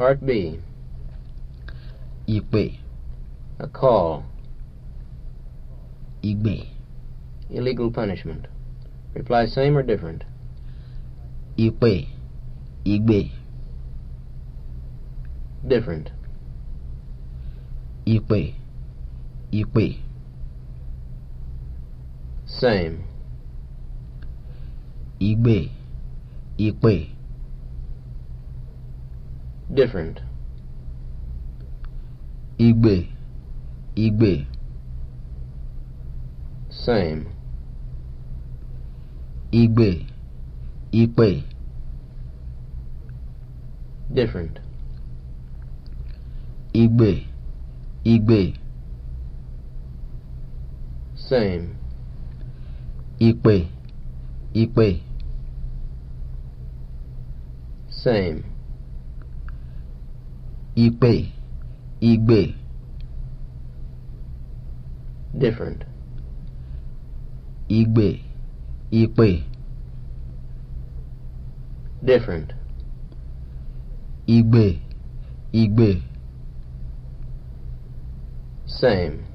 Part B. Ìpè. A call. Igbe. Illegal punishment. Reply same or different. Ìpè. Igbe. Different. Ìpè. Ìpè. Same. Igbe. Ìpè different. Igbe, Igbe. Same. Igbe, Ipe. Different. Igbe, Igbe. Same. Ipe, Ipe. Same ìpè ìgbè. different. ìgbè ìpè. different. ìgbè ìgbè. same.